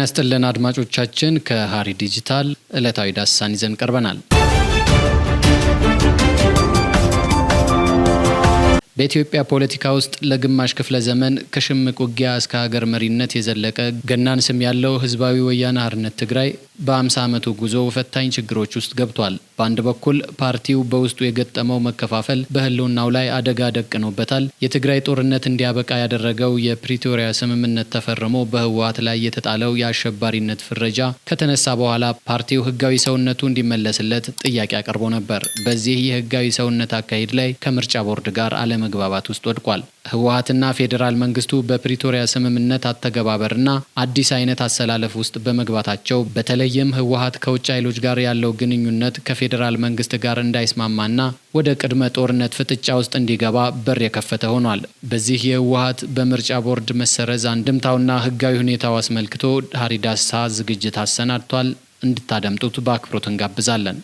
ጤና ይስጥልን አድማጮቻችን፣ ከሀሪ ዲጂታል ዕለታዊ ዳሰሳን ይዘን ቀርበናል። በኢትዮጵያ ፖለቲካ ውስጥ ለግማሽ ክፍለ ዘመን ከሽምቅ ውጊያ እስከ ሀገር መሪነት የዘለቀ ገናን ስም ያለው ህዝባዊ ወያነ ሓርነት ትግራይ በ50 ዓመቱ ጉዞ ፈታኝ ችግሮች ውስጥ ገብቷል። በአንድ በኩል ፓርቲው በውስጡ የገጠመው መከፋፈል በህልውናው ላይ አደጋ ደቅኖበታል። የትግራይ ጦርነት እንዲያበቃ ያደረገው የፕሪቶሪያ ስምምነት ተፈርሞ በህወሀት ላይ የተጣለው የአሸባሪነት ፍረጃ ከተነሳ በኋላ ፓርቲው ህጋዊ ሰውነቱ እንዲመለስለት ጥያቄ አቅርቦ ነበር። በዚህ የህጋዊ ሰውነት አካሄድ ላይ ከምርጫ ቦርድ ጋር አለመ አለመግባባት ውስጥ ወድቋል። ህወሀትና ፌዴራል መንግስቱ በፕሪቶሪያ ስምምነት አተገባበርና አዲስ አይነት አሰላለፍ ውስጥ በመግባታቸው በተለይም ህወሀት ከውጭ ኃይሎች ጋር ያለው ግንኙነት ከፌዴራል መንግስት ጋር እንዳይስማማና ወደ ቅድመ ጦርነት ፍጥጫ ውስጥ እንዲገባ በር የከፈተ ሆኗል። በዚህ የህወሀት በምርጫ ቦርድ መሰረዝ አንድምታውና ህጋዊ ሁኔታው አስመልክቶ ሀሪዳሳ ዝግጅት አሰናድቷል። እንድታደምጡት በአክብሮት እንጋብዛለን።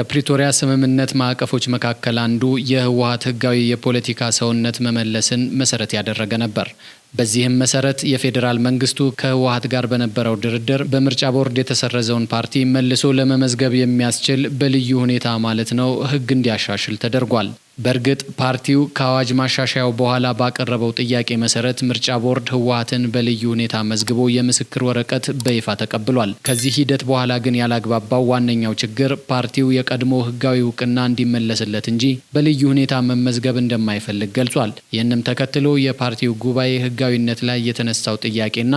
ከፕሪቶሪያ ስምምነት ማዕቀፎች መካከል አንዱ የህወሀት ህጋዊ የፖለቲካ ሰውነት መመለስን መሰረት ያደረገ ነበር። በዚህም መሰረት የፌዴራል መንግስቱ ከህወሀት ጋር በነበረው ድርድር በምርጫ ቦርድ የተሰረዘውን ፓርቲ መልሶ ለመመዝገብ የሚያስችል በልዩ ሁኔታ ማለት ነው ህግ እንዲያሻሽል ተደርጓል። በእርግጥ ፓርቲው ከአዋጅ ማሻሻያው በኋላ ባቀረበው ጥያቄ መሰረት ምርጫ ቦርድ ህወሀትን በልዩ ሁኔታ መዝግቦ የምስክር ወረቀት በይፋ ተቀብሏል። ከዚህ ሂደት በኋላ ግን ያላግባባው ዋነኛው ችግር ፓርቲው የቀድሞ ህጋዊ እውቅና እንዲመለስለት እንጂ በልዩ ሁኔታ መመዝገብ እንደማይፈልግ ገልጿል። ይህንም ተከትሎ የፓርቲው ጉባኤ ህጋዊነት ላይ የተነሳው ጥያቄና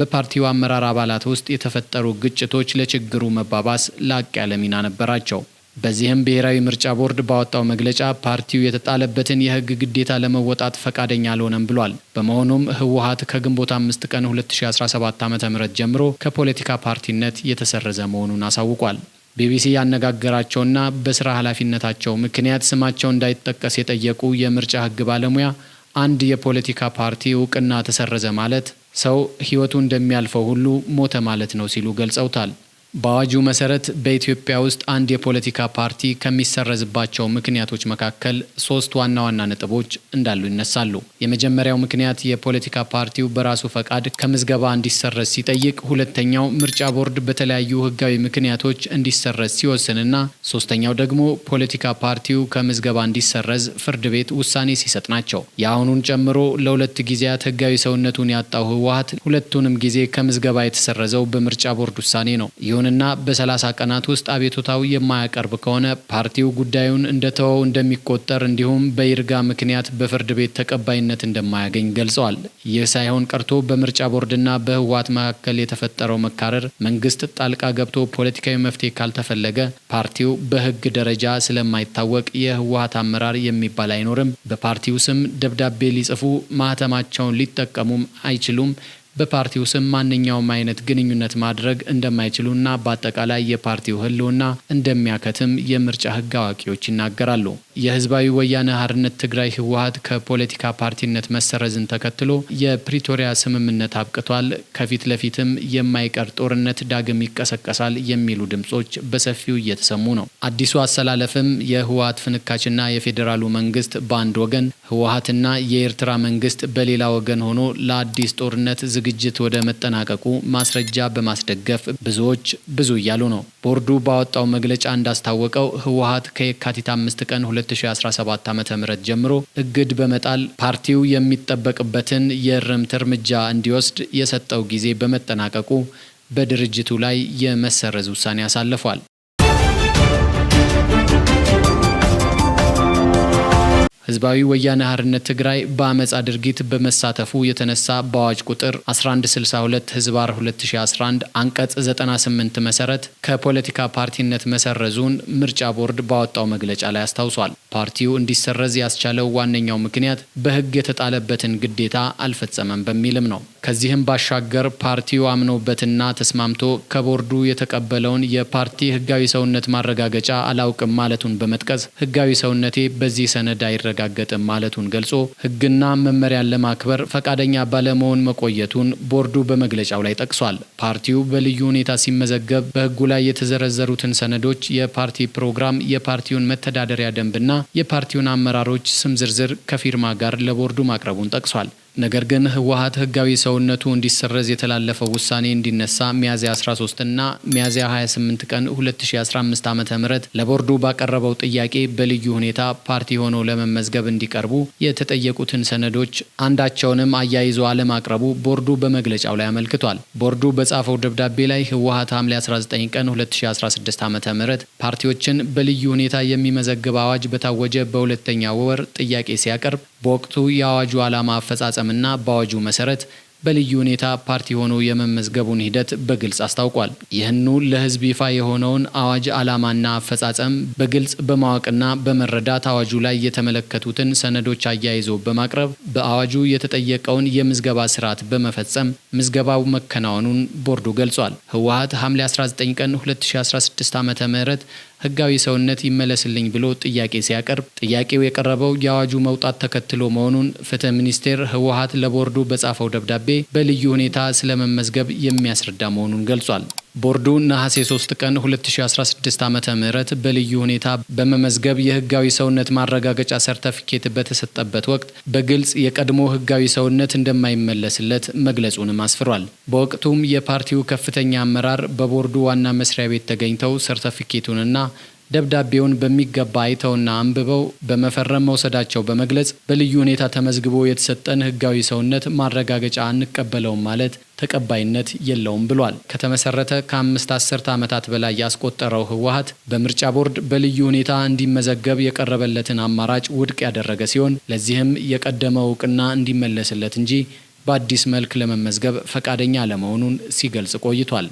በፓርቲው አመራር አባላት ውስጥ የተፈጠሩ ግጭቶች ለችግሩ መባባስ ላቅ ያለ ሚና ነበራቸው። በዚህም ብሔራዊ ምርጫ ቦርድ ባወጣው መግለጫ ፓርቲው የተጣለበትን የህግ ግዴታ ለመወጣት ፈቃደኛ አልሆነም ብሏል። በመሆኑም ህወሀት ከግንቦት አምስት ቀን 2017 ዓ ም ጀምሮ ከፖለቲካ ፓርቲነት የተሰረዘ መሆኑን አሳውቋል። ቢቢሲ ያነጋገራቸውና በስራ ኃላፊነታቸው ምክንያት ስማቸው እንዳይጠቀስ የጠየቁ የምርጫ ህግ ባለሙያ አንድ የፖለቲካ ፓርቲ እውቅና ተሰረዘ ማለት ሰው ህይወቱ እንደሚያልፈው ሁሉ ሞተ ማለት ነው ሲሉ ገልጸውታል። በአዋጁ መሰረት በኢትዮጵያ ውስጥ አንድ የፖለቲካ ፓርቲ ከሚሰረዝባቸው ምክንያቶች መካከል ሶስት ዋና ዋና ነጥቦች እንዳሉ ይነሳሉ። የመጀመሪያው ምክንያት የፖለቲካ ፓርቲው በራሱ ፈቃድ ከምዝገባ እንዲሰረዝ ሲጠይቅ፣ ሁለተኛው ምርጫ ቦርድ በተለያዩ ሕጋዊ ምክንያቶች እንዲሰረዝ ሲወስንና ሶስተኛው ደግሞ ፖለቲካ ፓርቲው ከምዝገባ እንዲሰረዝ ፍርድ ቤት ውሳኔ ሲሰጥ ናቸው። የአሁኑን ጨምሮ ለሁለት ጊዜያት ሕጋዊ ሰውነቱን ያጣው ህወሀት ሁለቱንም ጊዜ ከምዝገባ የተሰረዘው በምርጫ ቦርድ ውሳኔ ነው። ቀንና በ30 ቀናት ውስጥ አቤቱታው የማያቀርብ ከሆነ ፓርቲው ጉዳዩን እንደተወው እንደሚቆጠር እንዲሁም በይርጋ ምክንያት በፍርድ ቤት ተቀባይነት እንደማያገኝ ገልጸዋል። ይህ ሳይሆን ቀርቶ በምርጫ ቦርድና በህወሓት መካከል የተፈጠረው መካረር መንግስት ጣልቃ ገብቶ ፖለቲካዊ መፍትሄ ካልተፈለገ ፓርቲው በህግ ደረጃ ስለማይታወቅ የህወሓት አመራር የሚባል አይኖርም። በፓርቲው ስም ደብዳቤ ሊጽፉ ማህተማቸውን ሊጠቀሙም አይችሉም። በፓርቲው ስም ማንኛውም አይነት ግንኙነት ማድረግ እንደማይችሉና በአጠቃላይ የፓርቲው ህልውና እንደሚያከትም የምርጫ ሕግ አዋቂዎች ይናገራሉ። የህዝባዊ ወያነ ሀርነት ትግራይ ህወሀት ከፖለቲካ ፓርቲነት መሰረዝን ተከትሎ የፕሪቶሪያ ስምምነት አብቅቷል፣ ከፊት ለፊትም የማይቀር ጦርነት ዳግም ይቀሰቀሳል የሚሉ ድምጾች በሰፊው እየተሰሙ ነው። አዲሱ አሰላለፍም የህወሓት ፍንካችና የፌዴራሉ መንግስት በአንድ ወገን፣ ህወሀትና የኤርትራ መንግስት በሌላ ወገን ሆኖ ለአዲስ ጦርነት ዝግ ዝግጅት ወደ መጠናቀቁ ማስረጃ በማስደገፍ ብዙዎች ብዙ እያሉ ነው። ቦርዱ ባወጣው መግለጫ እንዳስታወቀው ህወሀት ከየካቲት አምስት ቀን 2017 ዓ ም ጀምሮ እግድ በመጣል ፓርቲው የሚጠበቅበትን የእርምት እርምጃ እንዲወስድ የሰጠው ጊዜ በመጠናቀቁ በድርጅቱ ላይ የመሰረዝ ውሳኔ አሳልፏል። ህዝባዊ ወያነ ሓርነት ትግራይ በአመፃ ድርጊት በመሳተፉ የተነሳ በአዋጅ ቁጥር 1162 ህዝባር 2011 አንቀጽ 98 መሰረት ከፖለቲካ ፓርቲነት መሰረዙን ምርጫ ቦርድ ባወጣው መግለጫ ላይ አስታውሷል። ፓርቲው እንዲሰረዝ ያስቻለው ዋነኛው ምክንያት በህግ የተጣለበትን ግዴታ አልፈጸመም በሚልም ነው። ከዚህም ባሻገር ፓርቲው አምኖበትና ተስማምቶ ከቦርዱ የተቀበለውን የፓርቲ ህጋዊ ሰውነት ማረጋገጫ አላውቅም ማለቱን በመጥቀስ ህጋዊ ሰውነቴ በዚህ ሰነድ አይረጋገ አልተረጋገጠም ማለቱን ገልጾ ሕግና መመሪያን ለማክበር ፈቃደኛ ባለመሆን መቆየቱን ቦርዱ በመግለጫው ላይ ጠቅሷል። ፓርቲው በልዩ ሁኔታ ሲመዘገብ በሕጉ ላይ የተዘረዘሩትን ሰነዶች፣ የፓርቲ ፕሮግራም፣ የፓርቲውን መተዳደሪያ ደንብና የፓርቲውን አመራሮች ስም ዝርዝር ከፊርማ ጋር ለቦርዱ ማቅረቡን ጠቅሷል። ነገር ግን ህወሀት ህጋዊ ሰውነቱ እንዲሰረዝ የተላለፈው ውሳኔ እንዲነሳ ሚያዝያ 13 እና ሚያዝያ 28 ቀን 2015 ዓ ም ለቦርዱ ባቀረበው ጥያቄ በልዩ ሁኔታ ፓርቲ ሆነው ለመመዝገብ እንዲቀርቡ የተጠየቁትን ሰነዶች አንዳቸውንም አያይዞ አለማቅረቡ ቦርዱ በመግለጫው ላይ አመልክቷል። ቦርዱ በጻፈው ደብዳቤ ላይ ህወሀት ሐምሌ 19 ቀን 2016 ዓ ም ፓርቲዎችን በልዩ ሁኔታ የሚመዘግብ አዋጅ በታወጀ በሁለተኛ ወር ጥያቄ ሲያቀርብ በወቅቱ የአዋጁ ዓላማ አፈጻጸም ፕሮግራምና በአዋጁ መሰረት በልዩ ሁኔታ ፓርቲ ሆኖ የመመዝገቡን ሂደት በግልጽ አስታውቋል። ይህኑ ለሕዝብ ይፋ የሆነውን አዋጅ ዓላማና አፈጻጸም በግልጽ በማወቅና በመረዳት አዋጁ ላይ የተመለከቱትን ሰነዶች አያይዞ በማቅረብ በአዋጁ የተጠየቀውን የምዝገባ ስርዓት በመፈጸም ምዝገባው መከናወኑን ቦርዱ ገልጿል። ህወሀት ሐምሌ 19 ቀን 2016 ዓ ም ህጋዊ ሰውነት ይመለስልኝ ብሎ ጥያቄ ሲያቀርብ ጥያቄው የቀረበው የአዋጁ መውጣት ተከትሎ መሆኑን ፍትህ ሚኒስቴር ህወሀት ለቦርዱ በጻፈው ደብዳቤ በልዩ ሁኔታ ስለመመዝገብ የሚያስረዳ መሆኑን ገልጿል። ቦርዱ ነሐሴ 3 ቀን 2016 ዓ ም በልዩ ሁኔታ በመመዝገብ የህጋዊ ሰውነት ማረጋገጫ ሰርተፊኬት በተሰጠበት ወቅት በግልጽ የቀድሞ ህጋዊ ሰውነት እንደማይመለስለት መግለጹንም አስፍሯል። በወቅቱም የፓርቲው ከፍተኛ አመራር በቦርዱ ዋና መስሪያ ቤት ተገኝተው ሰርተፊኬቱንና ደብዳቤውን በሚገባ አይተውና አንብበው በመፈረም መውሰዳቸው በመግለጽ በልዩ ሁኔታ ተመዝግቦ የተሰጠን ህጋዊ ሰውነት ማረጋገጫ አንቀበለውም ማለት ተቀባይነት የለውም ብሏል። ከተመሰረተ ከአምስት አስርተ ዓመታት በላይ ያስቆጠረው ህወሀት በምርጫ ቦርድ በልዩ ሁኔታ እንዲመዘገብ የቀረበለትን አማራጭ ውድቅ ያደረገ ሲሆን ለዚህም የቀደመው እውቅና እንዲመለስለት እንጂ በአዲስ መልክ ለመመዝገብ ፈቃደኛ ለመሆኑን ሲገልጽ ቆይቷል።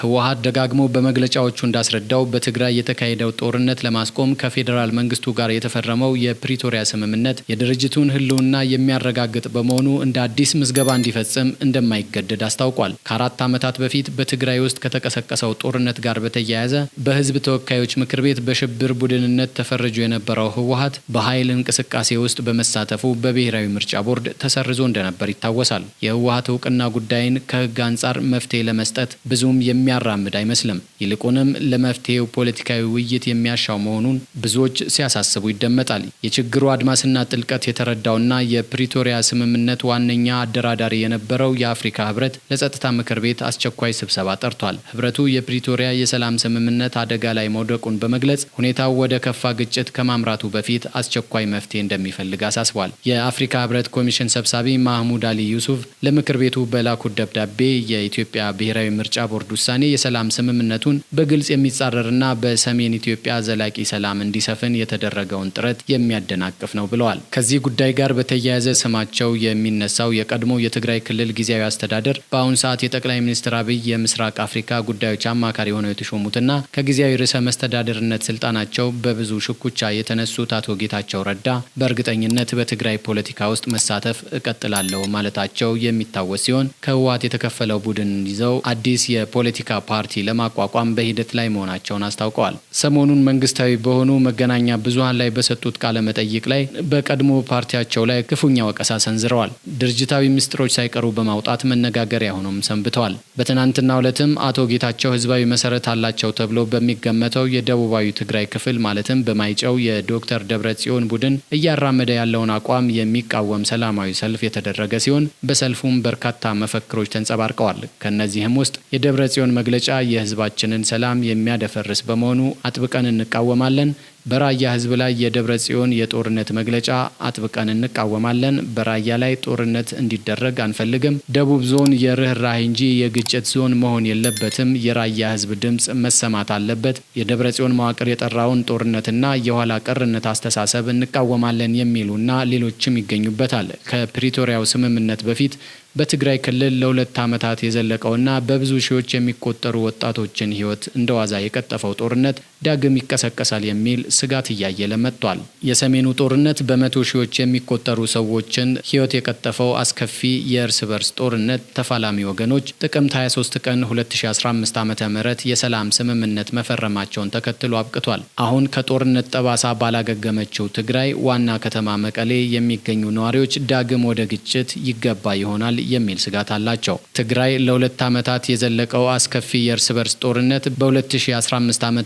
ህወሀት ደጋግሞ በመግለጫዎቹ እንዳስረዳው በትግራይ የተካሄደው ጦርነት ለማስቆም ከፌዴራል መንግስቱ ጋር የተፈረመው የፕሪቶሪያ ስምምነት የድርጅቱን ህልውና የሚያረጋግጥ በመሆኑ እንደ አዲስ ምዝገባ እንዲፈጽም እንደማይገደድ አስታውቋል። ከአራት ዓመታት በፊት በትግራይ ውስጥ ከተቀሰቀሰው ጦርነት ጋር በተያያዘ በህዝብ ተወካዮች ምክር ቤት በሽብር ቡድንነት ተፈርጆ የነበረው ህወሀት በኃይል እንቅስቃሴ ውስጥ በመሳተፉ በብሔራዊ ምርጫ ቦርድ ተሰርዞ እንደነበር ይታወሳል። የህወሀት እውቅና ጉዳይን ከህግ አንጻር መፍትሄ ለመስጠት ብዙም የሚ የሚያራምድ አይመስልም። ይልቁንም ለመፍትሄው ፖለቲካዊ ውይይት የሚያሻው መሆኑን ብዙዎች ሲያሳስቡ ይደመጣል። የችግሩ አድማስና ጥልቀት የተረዳውና የፕሪቶሪያ ስምምነት ዋነኛ አደራዳሪ የነበረው የአፍሪካ ህብረት ለጸጥታ ምክር ቤት አስቸኳይ ስብሰባ ጠርቷል። ህብረቱ የፕሪቶሪያ የሰላም ስምምነት አደጋ ላይ መውደቁን በመግለጽ ሁኔታው ወደ ከፋ ግጭት ከማምራቱ በፊት አስቸኳይ መፍትሄ እንደሚፈልግ አሳስቧል። የአፍሪካ ህብረት ኮሚሽን ሰብሳቢ ማህሙድ አሊ ዩሱፍ ለምክር ቤቱ በላኩት ደብዳቤ የኢትዮጵያ ብሔራዊ ምርጫ ቦርድ ውሳኔ ውሳኔ የሰላም ስምምነቱን በግልጽ የሚጻረርና በሰሜን ኢትዮጵያ ዘላቂ ሰላም እንዲሰፍን የተደረገውን ጥረት የሚያደናቅፍ ነው ብለዋል። ከዚህ ጉዳይ ጋር በተያያዘ ስማቸው የሚነሳው የቀድሞ የትግራይ ክልል ጊዜያዊ አስተዳደር በአሁኑ ሰዓት የጠቅላይ ሚኒስትር አብይ የምስራቅ አፍሪካ ጉዳዮች አማካሪ ሆነው የተሾሙትና ከጊዜያዊ ርዕሰ መስተዳደርነት ስልጣናቸው በብዙ ሽኩቻ የተነሱት አቶ ጌታቸው ረዳ በእርግጠኝነት በትግራይ ፖለቲካ ውስጥ መሳተፍ እቀጥላለሁ ማለታቸው የሚታወስ ሲሆን ከህወሓት የተከፈለው ቡድን ይዘው አዲስ የፖለቲካ የፖለቲካ ፓርቲ ለማቋቋም በሂደት ላይ መሆናቸውን አስታውቀዋል። ሰሞኑን መንግስታዊ በሆኑ መገናኛ ብዙሀን ላይ በሰጡት ቃለ መጠይቅ ላይ በቀድሞ ፓርቲያቸው ላይ ክፉኛ ወቀሳ ሰንዝረዋል። ድርጅታዊ ምስጢሮች ሳይቀሩ በማውጣት መነጋገሪያ ሆኖም ሰንብተዋል። በትናንትናው ዕለትም አቶ ጌታቸው ህዝባዊ መሰረት አላቸው ተብሎ በሚገመተው የደቡባዊ ትግራይ ክፍል ማለትም በማይጨው የዶክተር ደብረ ጽዮን ቡድን እያራመደ ያለውን አቋም የሚቃወም ሰላማዊ ሰልፍ የተደረገ ሲሆን በሰልፉም በርካታ መፈክሮች ተንጸባርቀዋል። ከእነዚህም ውስጥ የደብረ ጽዮን መግለጫ የህዝባችንን ሰላም የሚያደፈርስ በመሆኑ አጥብቀን እንቃወማለን። በራያ ህዝብ ላይ የደብረ ጽዮን የጦርነት መግለጫ አጥብቀን እንቃወማለን። በራያ ላይ ጦርነት እንዲደረግ አንፈልግም። ደቡብ ዞን የርኅራህ እንጂ የግጭት ዞን መሆን የለበትም። የራያ ህዝብ ድምፅ መሰማት አለበት። የደብረ ጽዮን መዋቅር የጠራውን ጦርነትና የኋላ ቀርነት አስተሳሰብ እንቃወማለን የሚሉና ሌሎችም ይገኙበታል። ከፕሪቶሪያው ስምምነት በፊት በትግራይ ክልል ለሁለት ዓመታት የዘለቀውና በብዙ ሺዎች የሚቆጠሩ ወጣቶችን ህይወት እንደዋዛ የቀጠፈው ጦርነት ዳግም ይቀሰቀሳል የሚል ስጋት እያየለ መጥቷል። የሰሜኑ ጦርነት በመቶ ሺዎች የሚቆጠሩ ሰዎችን ሕይወት የቀጠፈው አስከፊ የእርስ በርስ ጦርነት ተፋላሚ ወገኖች ጥቅምት 23 ቀን 2015 ዓ ም የሰላም ስምምነት መፈረማቸውን ተከትሎ አብቅቷል። አሁን ከጦርነት ጠባሳ ባላገገመችው ትግራይ ዋና ከተማ መቀሌ የሚገኙ ነዋሪዎች ዳግም ወደ ግጭት ይገባ ይሆናል የሚል ስጋት አላቸው። ትግራይ ለሁለት ዓመታት የዘለቀው አስከፊ የእርስ በርስ ጦርነት በ2015 ዓ ም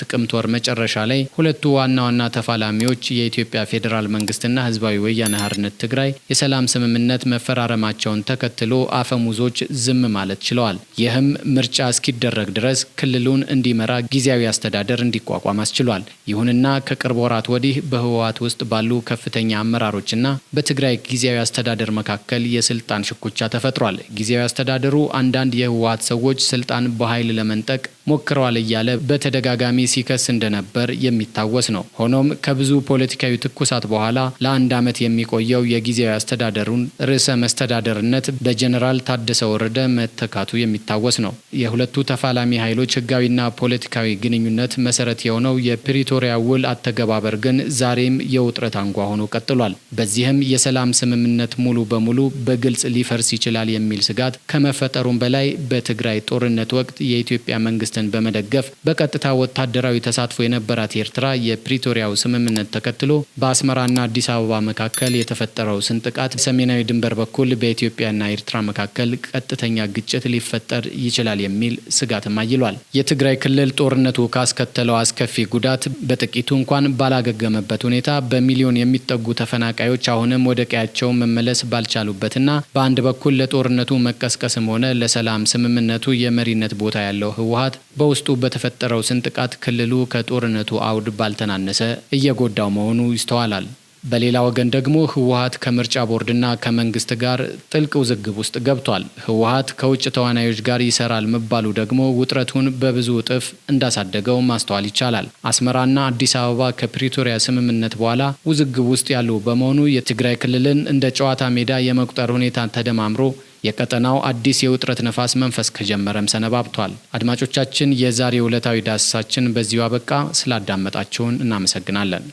ጥቅምት ወር መጨረሻ ላይ ሁለቱ ዋና ዋና ተፋላሚዎች የኢትዮጵያ ፌዴራል መንግስትና ህዝባዊ ወያነ ሓርነት ትግራይ የሰላም ስምምነት መፈራረማቸውን ተከትሎ አፈሙዞች ዝም ማለት ችለዋል። ይህም ምርጫ እስኪደረግ ድረስ ክልሉን እንዲመራ ጊዜያዊ አስተዳደር እንዲቋቋም አስችሏል። ይሁንና ከቅርብ ወራት ወዲህ በህወሓት ውስጥ ባሉ ከፍተኛ አመራሮችና በትግራይ ጊዜያዊ አስተዳደር መካከል የስልጣን ሽኩቻ ተፈጥሯል። ጊዜያዊ አስተዳደሩ አንዳንድ የህወሓት ሰዎች ስልጣን በኃይል ለመንጠቅ ሞክረዋል እያለ በተደጋጋሚ ሲከስ እንደነበር የሚታወስ ነው። ሆኖም ከብዙ ፖለቲካዊ ትኩሳት በኋላ ለአንድ ዓመት የሚቆየው የጊዜያዊ አስተዳደሩን ርዕሰ መስተዳደርነት በጀኔራል ታደሰ ወረደ መተካቱ የሚታወስ ነው። የሁለቱ ተፋላሚ ኃይሎች ህጋዊና ፖለቲካዊ ግንኙነት መሰረት የሆነው የፕሪቶሪያ ውል አተገባበር ግን ዛሬም የውጥረት አንጓ ሆኖ ቀጥሏል። በዚህም የሰላም ስምምነት ሙሉ በሙሉ በግልጽ ሊፈርስ ይችላል የሚል ስጋት ከመፈጠሩም በላይ በትግራይ ጦርነት ወቅት የኢትዮጵያ መንግስት መንግስትን በመደገፍ በቀጥታ ወታደራዊ ተሳትፎ የነበራት ኤርትራ የፕሪቶሪያው ስምምነት ተከትሎ በአስመራና አዲስ አበባ መካከል የተፈጠረው ስንጥቃት ሰሜናዊ ድንበር በኩል በኢትዮጵያና ኤርትራ መካከል ቀጥተኛ ግጭት ሊፈጠር ይችላል የሚል ስጋትም አይሏል። የትግራይ ክልል ጦርነቱ ካስከተለው አስከፊ ጉዳት በጥቂቱ እንኳን ባላገገመበት ሁኔታ በሚሊዮን የሚጠጉ ተፈናቃዮች አሁንም ወደ ቀያቸው መመለስ ባልቻሉበትና በአንድ በኩል ለጦርነቱ መቀስቀስም ሆነ ለሰላም ስምምነቱ የመሪነት ቦታ ያለው ህወሀት በውስጡ በተፈጠረው ስንጥቃት ክልሉ ከጦርነቱ አውድ ባልተናነሰ እየጎዳው መሆኑ ይስተዋላል። በሌላ ወገን ደግሞ ህወሀት ከምርጫ ቦርድና ከመንግስት ጋር ጥልቅ ውዝግብ ውስጥ ገብቷል። ህወሀት ከውጭ ተዋናዮች ጋር ይሰራል መባሉ ደግሞ ውጥረቱን በብዙ እጥፍ እንዳሳደገው ማስተዋል ይቻላል። አስመራና አዲስ አበባ ከፕሪቶሪያ ስምምነት በኋላ ውዝግብ ውስጥ ያሉ በመሆኑ የትግራይ ክልልን እንደ ጨዋታ ሜዳ የመቁጠር ሁኔታ ተደማምሮ የቀጠናው አዲስ የውጥረት ነፋስ መንፈስ ከጀመረም ሰነባብቷል። አድማጮቻችን፣ የዛሬ ዕለታዊ ዳሰሳችን በዚሁ አበቃ። ስላዳመጣችሁን እናመሰግናለን።